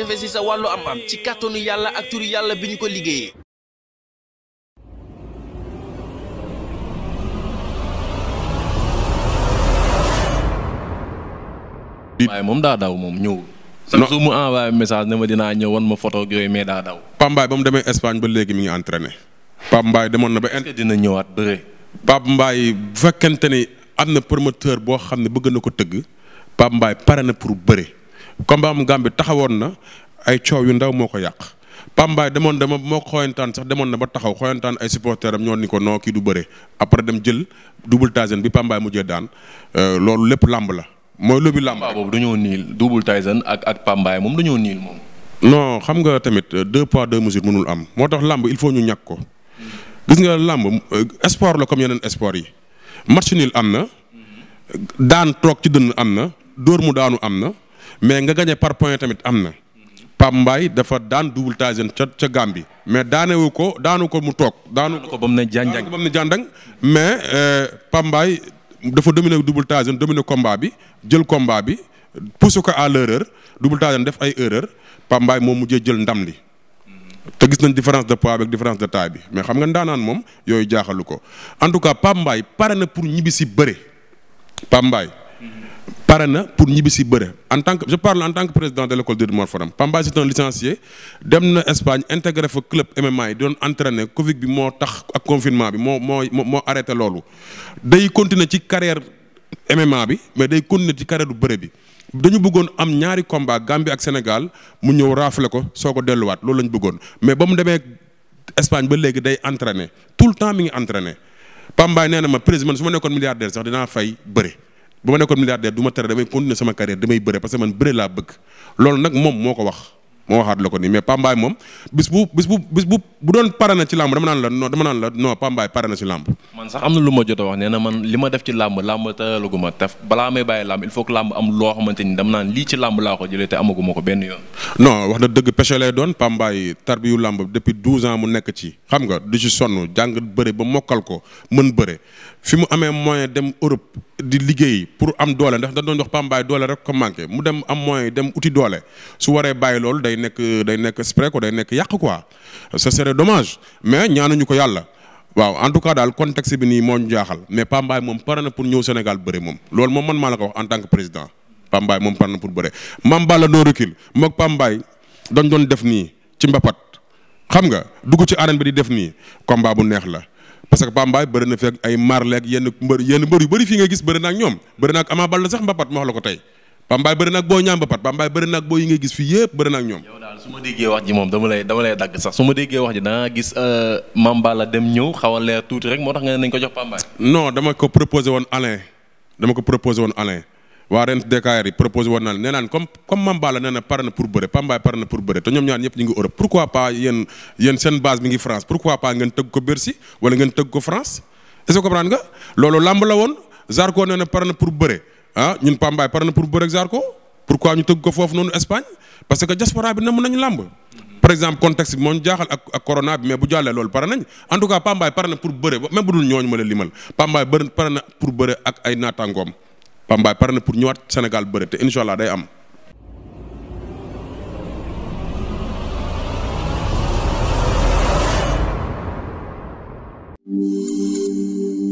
jafe sa wàllu am ci kàttanu yàlla ak turu yàlla bi ñu ko liggéeyee. waaye moom daa daw moom ñëw. non su mu envoyé message ne ma dinaa ñëw wan ma photo ak yooyu mais daa daw. Pape ba mu demee Espagne ba léegi mi ngi entraîné. Pape Mbaye demoon na ba. inter dina ñëwaat bëre. Pape Mbaye bu fekkente ni am na promoteur boo xam ne bëgg na ko tëgg Pape pare na pour bëre. combat mu Gambie taxawoon na ay coow yu ndaw moo ko yàq Pambaay demoon dama moo ko xoyantaan sax demoon na ba taxaw xooyantaan ay supporteurs ñoo ni ko noo kii du bëre après dem jël double bi Pambaay mujjee daan euh, loolu lépp làmb la mooy lóbi làmb. boobu dañoo niil double Tyson ak ak Pambaay moom dañoo niil moom. non xam nga tamit euh, deux pois deux mesures mënul am moo tax làmb il faut ñu ñàkk ko gis nga làmb euh, sport la comme yeneen sport yi match nul am na daan toog ci dënn am na dóor mu daanu am na. mais nga gagné par point tamit am na. Pape Mbaye dafa daan double Tyson ca ca bi mais daanewu ko daanu ko mu toog. daanu ko ba mu ne jàndang ba mu ne mais euh, Pape Mbaye dafa dominé double Tyson dominé combat bi jël combat bi pousse ko à l'erreur double Tyson def ay erreur Pape moom mujjee jël ndam li. te gis nañ différence de poids avec différence de taille bi mais xam nga ndaanaan moom yooyu jaaxalu ko en tout cas Pape Mbaye pare na pour ñibbi si bëre Pape Mbaye pare na pour ñibbi si bëre en tant que je en tant que président de l' école de Mor Fadam Pamba c'est un licencié dem na Espagne intégré fa club MMA yi doon entraîner Covid bi moo tax ak confinement bi moo moo moo arrêté loolu. day continuer ci carrière MMA bi mais day continuer ci carrière du bëre bi dañu bëggoon am ñaari combat Gambie ak Sénégal mu ñëw raafale ko soo ko delluwaat loolu la bëggoon mais ba mu demee Espagne ba léegi day entraîner tout le temps mi ngi entraîner Pambaay nee na ma président ma nekkoon milliardaire sax dinaa fay bëre. bu ma nekkoon milliardaire du ma tere damay continuer sama carrière damay bëre parce que man bëre laa bëgg loolu nag moom moo ko wax moo waxaat la ko nii mais Pambaay moom bis bu bis bu doon pare na ci làmb dama naan la non dama naan la non Pambaay pare na ci làmb. man sax am na lu ma jot a wax nee na man li ma def ci làmb balaa may bàyyi làmb il faut loo xamante ni dama naan lii ci làmb laa ko jëlee te amaguma ko benn yoon. non wax na dëgg péché lay doon Pambaay tarbiyu làmb depuis 12 ans mu nekk ci xam nga du ci sonn jàng bëre ba mokkal ko mën bëre fi mu amee moyen dem Europe. di liggéey pour am doole ndax da doon wax pambaay doole rek ko manqué mu dem am moyen dem uti doole su waree bàyyi loolu day nekk day nekk spray ko day nekk yàq quoi ce serait dommage mais ñaanuñu ko yàlla waaw en tout cas daal contexte bi nii moo ñu jaaxal mais pambaay moom pare na pour ñëw Sénégal bëre moom loolu moom man maa la ko wax en tant que président pambaay moom pare na pour bëre Mame Balla no recul moog pambaay dañ doon def nii ci mbapat xam nga dugg ci arène bi di def nii combat bu neex la parce que Pambaay bëri na fi ak ay Marley yenn mbër yu bëri fii nga gis bëri na ak ñoom bëri na ak Ama Baldé sax mbapat ma wax la ko tey Pambaay bëri na ak Boy mbapat Pambaay bëri na ak booy yi nga gis fii yëpp bëri na ak ñoom. yow daal su ma déggee wax ji moom dama lay dagg sax su ma déggee wax ji dangaa gis euh, Mamba la dem ñëw xaw a leer tuuti rek moo tax nga ne nañ ko jox Pambaay. non dama ko proposé woon Alain dama ko proposé woon Alain waa ren DKR yi proposé woon naa leen nee naan comme comme Mamba la nee na pare na pour bëre Pambaay pare na pour bëre ngi Europe pourquoi pas yéen yéen seen base ko Bercy wala ngeen la woon Zarko nee na pare na pour bëre ah ñun Pambaay na pour bëre ak Zarko pourquoi ñu tëgg foofu noonu Espagne parce que diaspora bi nañu làmb par exemple contexte bi moo ñu jaaxal ak ak corona bi loolu pare nañ en tout cas Pambaay pare na pour bëre même bu dul ma la limal Pambaay bëri pare na pour bëre ak ay naataangoom Pambaay pare na pour ñëwaat Sénégal bëre te incha allah day am.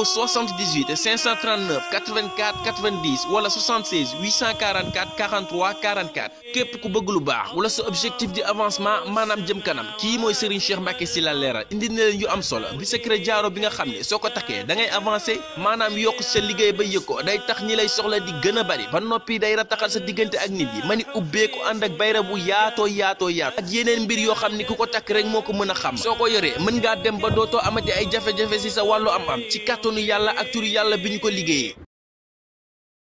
au 78 539 84 90 wala 76 844 43 44 képp ku bëgg lu baax wala sa objectif di avancement maanaam jëm kanam kii mooy Serigne Cheikh Mbacke si la leeral indi na leen yu am solo bi secret jaaro bi nga xam ne soo ko takkee dangay ngay avancé maanaam yokk sa liggéey ba yëg ko day tax ñi lay soxla di gën a bari ba noppi day rataxal sa diggante ak nit yi ma ni ubbeeku ànd ak bayra bu yaatoo yaatoo yaatoo ak yeneen mbir yoo xam ne ku ko takk rek moo ko mën a xam soo ko yoree mën ngaa dem ba dootoo amati ay si sa wàllu am-am ci kàttanu yàlla ak yàlla bi ñu ko liggéeyee